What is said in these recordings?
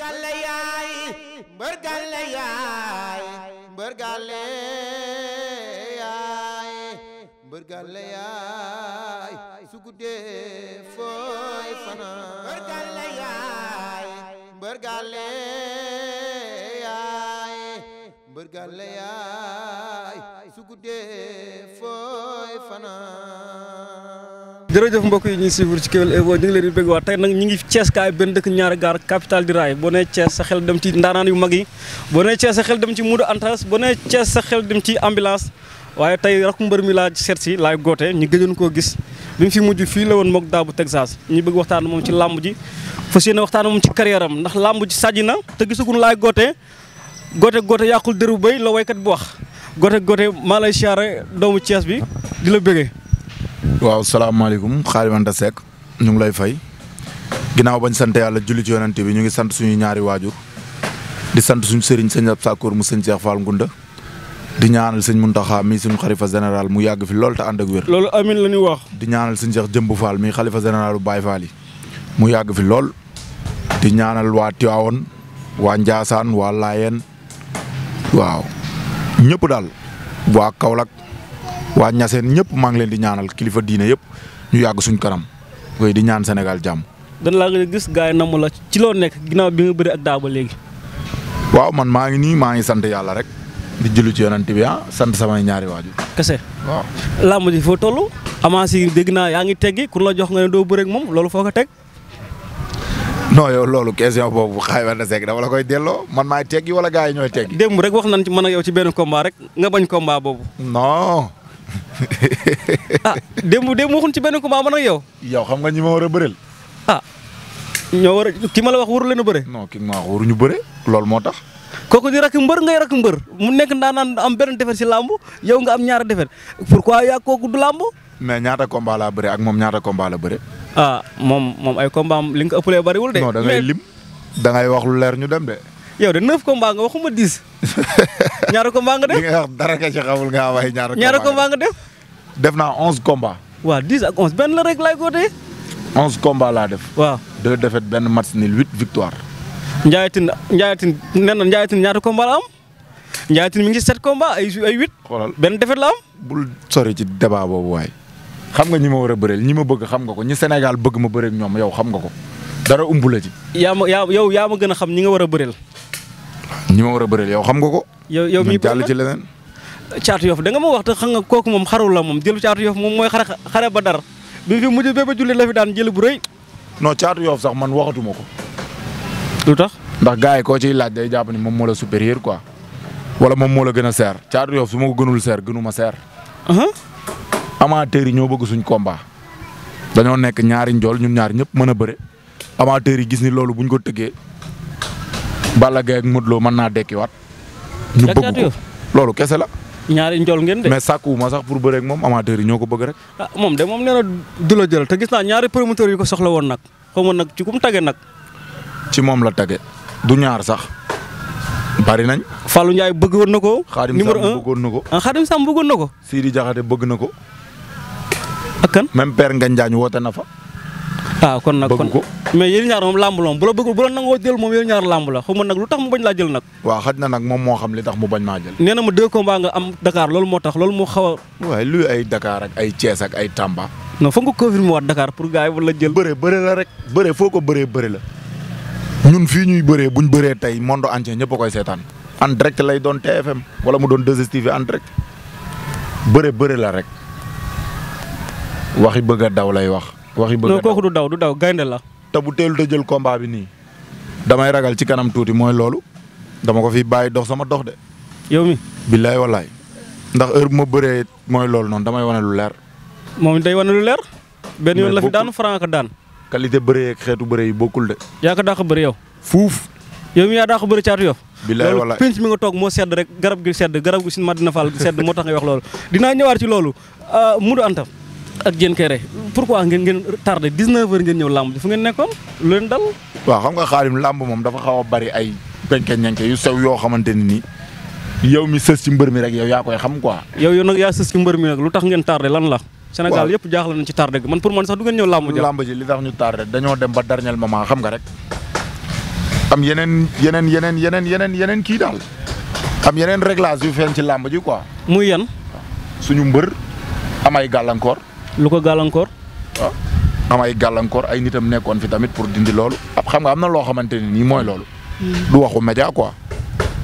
mbërgale yaay mbërgale yaay mbërgale yaay mbërgale yaay su guddee fooy fanaan jërëjëf mbokk yi ñuy suivre ci Kewel Info ñu ngi leen tey nag ñu ngi Thiès kaay benn dëkk ñaari gaar capital di raay boo nee sa xel dem ci ndaanaan yu mag yi boo nee sa xel dem ci Modou Anta Sall boo sa xel dem ci ambulance waaye tey rakk mbër mi laa seet si laay goote ñu gëjoon koo gis bi mu fi mujj fii la woon mook daabu Texas ñu bëgg waxtaan moom ci làmb ji fas waxtaan moom ci carrière am ndax làmb ji sàjji na te gisagun laay goote goote goote yàqul dëru bay la waykat bu wax goote goote maa lay siyaare doomu bi di la bëggee waaw salaamaaleykum Khadim Anta Seck ñu ngi lay fay ginnaaw bañ sant yàlla julli ci yonante bi ñu ngi sant suñu ñaari waajur di sant suñu sëriñ sëñ ab Sakkoor mu sëñ Cheikh Fall Ngunda di ñaanal sëñ Muntaxa mii suñu xalifa général mu yàgg fi loolu te ànd ak wér. amin la ñuy wax. di ñaanal sëñ Cheikh Jëmb Fall mii xalifa général bu mu yàgg fi lool di ñaanal waa Tivaouane waa Ndiassane waa Layeen waaw ñëpp daal waa Kaolack waa ñaseen ñëpp maa ngi leen di ñaanal kilifa diine yëpp ñu yàgg suñ kanam koy di ñaan senegal jàmm. gën laa gën gis gars yi namm la ci loo nekk ginnaaw bi nga bëri ak daaba léegi. waaw man maa ngi nii maa ngi sant yàlla rek di julli ci yonent bi ah sant samay ñaari waajur. kese waaw. làmb ji foo toll avance si dégg naa yaa ngi teggi ku la jox nga ne doo bëreeg moom loolu foo ko teg. non yow loolu question boobu xayma na seeg dama la koy delloo man maay teggi wala gars yi ñooy teggi. démb rek wax nañ ci man ak yow ci benn combat rek nga bañ combat boobu. a ah, démb démb waxuñ ci benn combat man ak yow. yow xam nga ñi ma war a bëreel. a ah, ñoo war a ki ma la wax waru leen a bëre. non ki ma wax waruñu bëre loolu moo tax. kooku di rakk mbër ngay rakk mbër mu nekk ndaanaan am benn defet si làmb yow nga am ñaara defet pourquoi yaa kooku du làmb. mais ñaata combat laa bëre ak moom ñaata combat la bëre. ah moom moom ay combat am li nga ko ëppalee bariwul de. da ngay lim da ngay wax leer ñu dem de. yow de neuf combats nga waxuma dix ñaari combats nga def li nga wax dara nga ci xamul nga am nga def. def naa onze combats. waa dix ak onze benn la rek laay de onze combats laa def. waa deux défaites benn match nul huit victoire. Ndiaye Tine Ndiaye na Ndiaye Tine ñaata combats la am. Ndiaye mi ngi sept combats ay ay huit. benn défaite la am. bul sori ci débat boobu waay. xam nga ñi ma war a bëreel ñi ma bëgg xam nga ko ñi Sénégal bëgg ma bëreeg ñoom yow xam nga ko dara umbu ci. yaa ma yow yaa ma gën a xam ñi nga war a bëreel. ñi ma war a bëreel yow xam nga ko. yow yow mi jàll ci leneen. caatu yof da nga ma wax te xam nga kooku moom xarul la moom jëlu caatu yof moom mooy xare xare ba dara bi fi mujj bépp jullit la fi daan jël bu rëy. noo caatu yoof sax man waxatuma ko. lu tax. ndax gars yi koo ciy laaj day jàpp ni moom moo la supérieur quoi wala moom moo la gën a seer caatu yof su ma ko gënul seer gënu ma seer. amateurs yi ñoo bëgg suñ komba dañoo nekk ñaari njool ñun ñaar ñëpp mën a bëre amateurs yi gis ni loolu buñ ko tëggee Balla Gaye ak Modou Lo mën naa dekkiwaat. ñu bëgg ko loolu kese la. ñaari njool ngeen de. mais sàkkuwuma sax pour bëre ak moom amateur yi ñoo ko bëgg rek. ah moom de moom nee na du jël te gis naa ñaari promoteur yu ko soxla woon nag xaw ma nag ci ku mu tage nag. ci moom la tage du ñaar sax bari nañ. Fallou bëgg bëggoon na ko. numéro un Khadim Samb bëggoon na ko. ah Khadim bëggoon na ko. Sidi Diakhaté bëgg na ko. ak kan. même Père Ngagne Diagne woote na fa. waaw ah, kon nag kon mais yéen ñaar moom làmb la bu la bëgg bu la nangoo jël moom yéen ñaar làmb la xaw ma nag lu tax mu bañ laa jël nag waa xaj na nag moom moo xam li tax mu bañ maa jël nee na ma deux combats nga am Dakar loolu moo tax loolu moo xaw a waaye luy ay Dakar ak ay Thiès ak ay Tamba non fa nga confirmer waat Dakar pour gars yi la jël bëre bëre la rek bëre foo ko bëree bëre la ñun fii ñuy bëree buñ bëree tey monde entier ñëpp a koy seetaan en lay doon TFM wala mu doon 2STV en la rek waxi bëgg a daw lay wax yi bëgg non kooku du daw du daw gaynde la. te bu teelu te jël combat bi nii. damay ragal ci kanam tuuti mooy loolu. dama ko fi bàyyi dox sama dox de. yow mi billaay wallaay. ndax heure bu ma bëree mooy loolu noonu damay wane lu leer. moom day wane lu leer. benn yoon la fi daan franc daan. qualité bëree xeetu bëree yi bokkul de. yaa ko dàq bëri yow. fuuf. yow mi yaa dàq bëri caatu yow. billaay wallaay loolu pinc mi nga toog moo sedd rek garab gi sedd garab gi si Madina Fall gi sedd moo tax ngay wax loolu. dinaa ñëwaat ci loolu euh, Modou Anta ak Diène pour pourquoi ngeen ngeen tardé 19h ngeen ñëw làmb ji fu ngeen nekkoon lu leen dal. waaw xam nga xaalim làmb moom dafa xaw a bari ay benke ñenke yu sew yoo xamante ne nii yow mi sës ci mbër mi rek yow yaa koy xam quoi. yow yow nag yaa sës ci mbër mi nag lu tax ngeen tardé lan la. Sénégal yëpp jaaxle nañ ci tardé gi man pour man sax du ngeen ñëw làmb ji. làmb ji li tax ñu tardé dañoo dem ba dernier moment xam nga rek am yeneen yeneen yeneen yeneen yeneen yeneen kii daal am yeneen réglage yu feeñ ci làmb ji quoi. muy yan. suñu mbër am ay gàllankoor lu ko gàllankoor. waaw ah. am ay gàllankoor ay nitam nekkoon fi tamit pour dindi loolu ab xam nga am na loo xamante ne nii mooy loolu. Hmm. du waxu média quoi.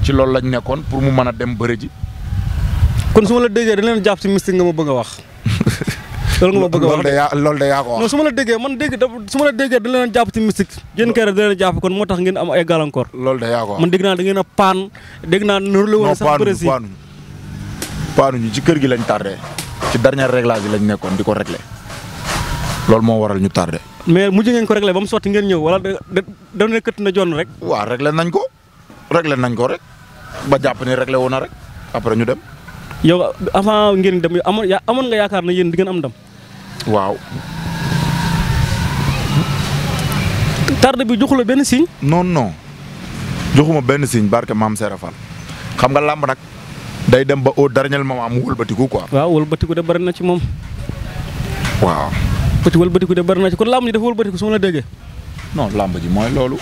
ci loolu lañ nekkoon pour mu mën a dem bëri ji. kon su ma la déggee dañ leen jàpp si mystique nga ma bëgg wax. loolu nga bëgg a wax loolu de ma la déggee man dégg da su ma la da leen jàpp ci mystique. yéen kay rek da leen jàpp kon moo tax ngeen am ay gàllankoor. loolu de yaa ko wax man dégg naa da ngeen a paan dégg naa. la non paanuñu paanuñu. ñu ci kër gi lañ tardé. ci dernier réglage bi lañ nekkoon di ko réglé loolu moo waral ñu tardé. mais mujj ngeen ko réglé ba mu sotti ngeen ñëw wala da da nekkati na jonn rek. waaw réglé nañ ko réglé nañ ko rek ba jàpp ni réglé wu na rek après ñu dem. yow avant ngeen dem amoon ya amoon nga yaakaar na yéen di ngeen am ndam. waaw. tardé bi joxu la benn signe. non non joxuma benn signe barke maam Serafal xam nga làmb nag. day dem ba au dernier moment mu wëlbatiku ko waaw walbatiku de bari na ci moom. waaw. petit wëlbatiku de bari na ci kon làmb ji dafa wëlbatiku su ma la làmb ji mooy loolu.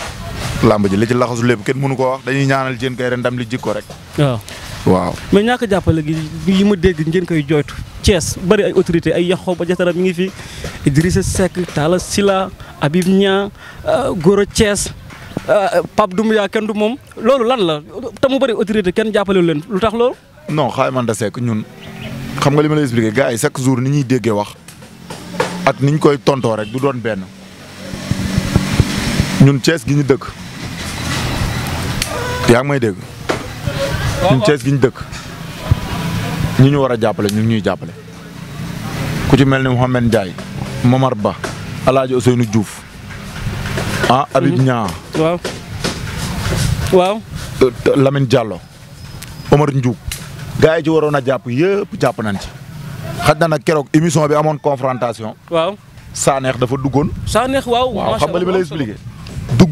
làmb ji li ci laxasu lépp kenn mënu ko wax dañuy ñaanal jën kay ren ndam li jikko rek. waaw waaw. mais jàppale gi yi ma dégg ngeen koy jooytu. Thiès bari ay autorité ay yaxoo ba jatara mi ngi fi Idrissa Seck Talla Sylla Habib Niang euh, Goro Thiès euh, Pape Doumbia kenn du moom loolu lan la te mu bari autorité kenn jàppale leen lu tax loolu. non xaay man da ñun xam nga li ma lay expliqué gars yi chaque jour ni ñuy déggee wax ak niñ koy tontoo rek du doon benn ñun Thiès gi ñu dëkk yaa ngi may dégg ñun Thiès gi ñu dëkk ñi ñu war a jàppale ñu ngi ñuy jàppale ku ci mel ni Mouhamed Ndiaye Momar Ba Alaaji Ousseynou Diouf ah Habib mm-hmm. Niang waaw waaw Lamine Diallo Omar Ndiouk gars yi a jàpp yëpp jàpp nañ ci xaj na nag keroog émission bi amoon confrontation. waaw Sanex dafa duggoon. Sanex waaw waaw xam nga li ma lay expliqué.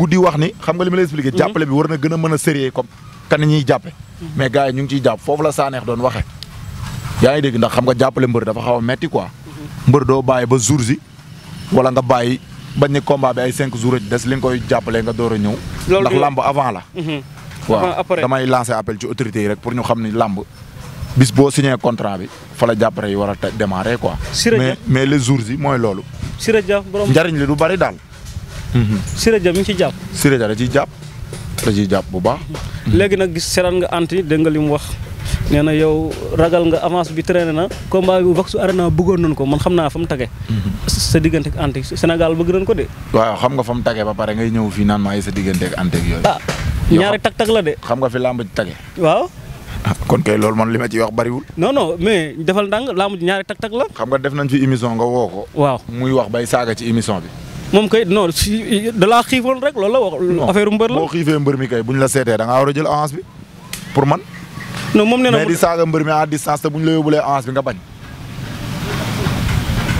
di wax ni xam nga li ma mhm. bi war na gën a mën a sérieux comme kan ñuy jàppe mhm. mais gars yi la Sanex doon waxee. yaa ngi dégg ndax xam nga jàppale mbër dafa xaw a metti quoi. Mhm. mbër doo bàyyi ba jour si wala nga bàyyi bañ ne combat bi ay cinq jours des li nga koy jàppale nga door a ñëw. ndax làmb avant la. waaw damay lancer appel ci autorité yi rek pour ñu xam ni làmb bis boo signé contrat bi fa la jàppare yi war a démarrer quoi. mais mais les jours yi mooy loolu. Siré Dia borom njariñ li du bari daal. Mhm. Siré Dia mi ngi ciy jàpp. Siré Dia da ciy jàpp da ciy jàpp bu baax. Mhm. léegi nag gis seetaan nga anti dégg nga li mu wax nee na yow ragal nga avance bi traîné na a bi Vox Arena bëggoon nañ ko man xam naa fa mu tage. Mhm. sa diggante ak anti senegal bëgg nañ ko de. waaw xam nga fa mu tage ba pare ngay ñëw fii naan maa sa diggante ak anti ak yooyu. Ah, tag la xam nga fi làmb ci Ah, kon kay loolu man li ma ci wax bariwul. non mais defal ndànk laa mujj ñaari tag-tag la. xam nga def nañ fi émission nga woo ko. waaw muy wax bay saaga ci émission bi. moom kay non si da laa xiifoon rek loolu la wax. affaire mbër la boo xiifee mbër mi kay bu ñu la seetee da war a jël avance bi pour man. non moom nee na di saaga mbër mi à distance te bu ñu la yóbbulee avance bi nga bañ.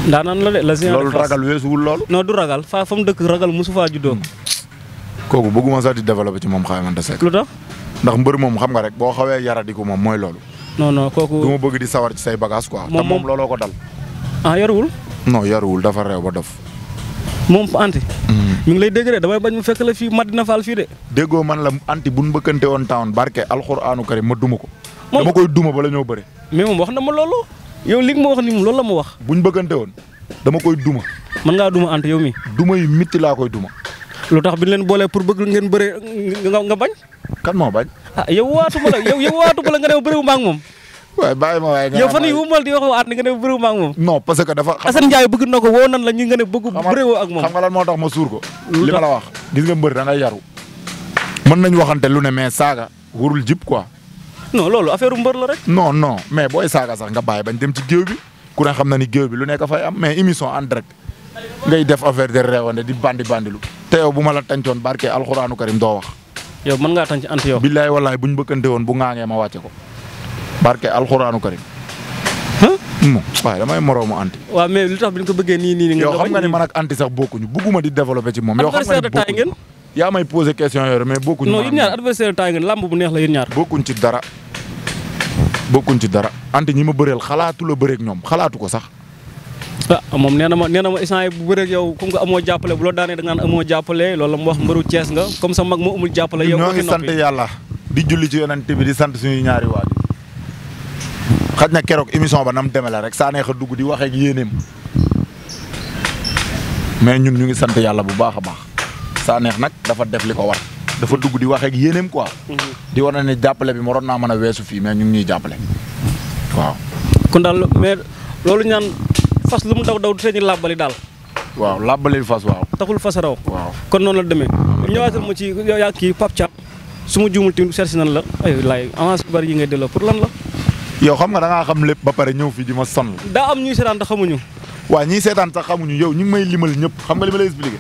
daanaan la de la. loolu ragal weesuwul loolu. non du ragal fa fa mu dëkk ragal mosu faa juddoo. kooku bëgguma sax di développé ci moom xayma Seck. lu tax. ndax mbër moom xam nga rek boo xawee yaradiku moom mooy loolu. non non kooku du bëgg di sawar ci say bagage quoi. moom te moom looloo ko dal. ah yaruwul. non yaruwul dafa réew ba dof. moom anti. Mm-hmm. mi ngi lay dégg de damay bañ mu fekk la fii Madina Fall fii de. déggoo la anti bu nu bëkkante woon town barke alxuraanu karim ma duma ko. dama koy duma bala ñoo bëre. mais moom wax na ma loolu. yow li nga ma wax ni moom loolu la ma wax. bu ñu bëggante woon dama koy duma. mën ngaa duma anti yow mi duma yu mitti laa koy duma. lu tax bi leen boolee pour bëgg ngeen bëre nga nga bañ. kan moo bañ. ah yow waatuma la yow yow la nga ne bëriwu ma ak moom. waaye bàyyi ma waaye. yow fan yii wumal nga ne bëriwu ma ak moom. non parce que dafa. Assane Ndiaye bëgg na ko woo nan la ñu nga ne bëggu bëriwoo ak moom. xam nga lan moo tax li la wax gis nga mbër da ngay yaru. mën nañ waxante lu ne mais saaga warul jib quoi. loolu affaire mbër la rek. non non mais booy saaga sax nga bàyyi bañ dem ci géew bi ku ne xam na ni géew bi lu nekk fay am mais émission en direct ngay def affaire de réewande di bandi bandilu te yow bu ma la tàncoon barke alxuraanu karim doo wax yow mën ngaa tànc ant yow. billaay wallaay bu ñu bëkkante woon bu ŋaaŋee ma wàcce ko. barke alxuraanu karim. waaye damay moroomu anti. waaw mais lu tax bi ñu ko bëggee nii nii. yow xam nga ne man ak anti sax bokkuñu bugguma di développé ci moom. yow xam nga ne bokkuñu ngeen. yaa may posé question yooyu mais bokkuñu. non yéen ñaar adversaire taay ngeen lamb bu neex la yéen ñaar. bokkuñ ci dara bokkuñ ci dara anti ñi ma bëreel xalaatu la bëreeg ñoom xalaatu ko sax ah moom nee na ma nee na ma instant yi bu bëreeg yow comme que amoo jàppale bu la daanee da amoo jàppale loolu mu wax mbaru Cees nga comme sa mag moo amul jàppale julli ci yonent bi di sant suñuy ñaari waajur na keroog émission ba nam deme rek saa dugg di waxee ak ñun ñu ngi sant yàlla bu baax a baax saa nag dafa def ko war dafa dugg di waxee ak yéeneem quoi mm-hmm. di wane ne jàppale bi waroon naa man a weesu fii mais ñu ngi ñuy jàppale waaw kon daal loolu ñaan fas lu mu daw daw du tee ñu làbbali daal waaw làbbali fas waaw taxul fas raw kon noonu la demee ñëwaatal ma ci yaa kii Pape Thiam su ma juumul tamit si nan la ay laay avance bari yi ngay delloo pour lan la yow xam nga da xam lépp ba pare ñëw fii di ma sonn daa am ñuy seetaan te xamuñu waaw ñiy seetaan sax xamuñu yow ñu ngi may limal ñëpp xam nga li ma lay expliqué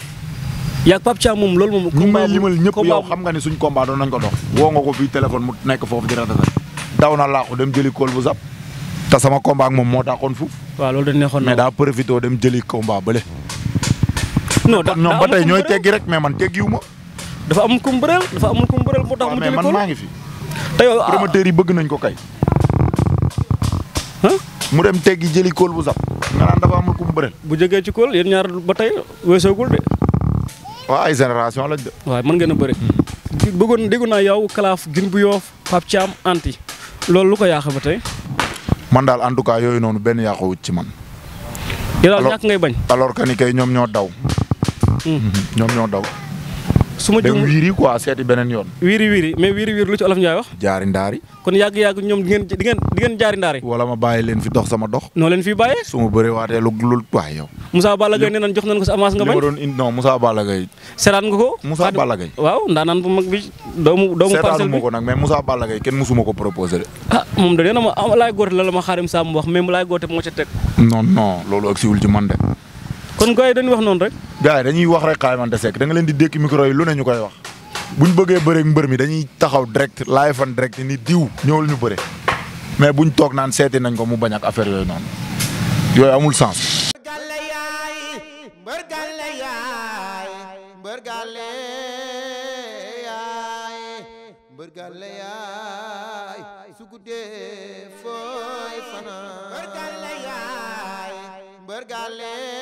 yaa Pape Thiam moom loolu moom ñu xam nga ne suñ combat doon nañ ko dox woo nga ko fii téléphone mu nekk foofu di ratatat daw na laaxu moom moo daaxoon foofu waaw loolu dañ neexoon mais daa profité dem jëli combat bële. non da ñoom ba tey ñooy teggi rek mais man teggiwu ma. dafa amul kum bëreel dafa amul kum bëreel moo tax man maa ngi fi. te yow yi ah. bëgg nañ ko kay. dem teggi jëli kóol bu sax. nga bu jógee ci kóol yéen ñaar ba tey weesoogul de. waaw ay génération lañ de. waaw mën ngeen a bëri. Hmm. bëggoon déggu naa yow kalaaf gin bu yoof Pape Thiam anti loolu lu ko yaax ba tey. man daal en tout cas yooyu noonu benn yàquwut ci man. yow daal ñàkk ngay bañ alors que ni kay ñoom ñoo daw. Hmm. Hmm, ñoom ñoo daw. su ma jum wiiri quoi seeti beneen yoon wiiri wiiri mais wiiri wiiri lu ci olof Njaay wax jaari ndaari kon yàgg-yàgg ñoom di ngeen jaari ndaari wala ma bàyyi leen fi dox sama dox noo leen fii bàyyee su ma bëree waatee lu lul waay yow Moussa Balla Gaye nee nañ jox nañ ko sa avance nga ma doon ko nag mais Moussa Balla Gaye kenn musuma ko proposé de ah moom da nee na ma ah, laay goote la la ma xaarim saam wax mais mu laay goote loolu ak siwul ci man de kon gars yi wax noonu rek gars yi dañuy wax rek Kaay Fante Seck da nga leen di dékk micro yi lu ne ñu koy wax buñ bëggee bëreeg mbër mi dañuy taxaw direct lay fan direct ni diw ñëwul ñu bëre mais buñ toog naan seeti nañ ko mu bañ ak affaire yooyu noonu yooyu amul sens. mbër